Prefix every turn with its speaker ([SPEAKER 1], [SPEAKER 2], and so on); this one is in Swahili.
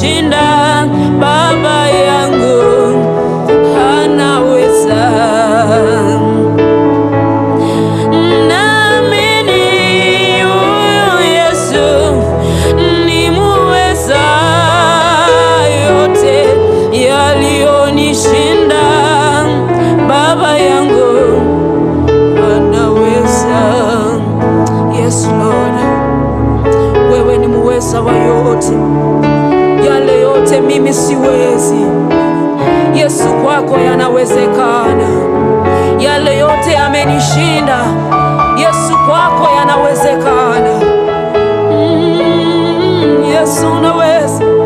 [SPEAKER 1] kushinda baba yangu anaweza, Naamini huyu Yesu ni muweza, yote yaliyonishinda baba yangu
[SPEAKER 2] Lord, wewe ni muweza wa yote mimi siwezi, Yesu kwako yanawezekana. Yale yote yamenishinda, Yesu kwako yanawezekana. Mm, Yesu unaweza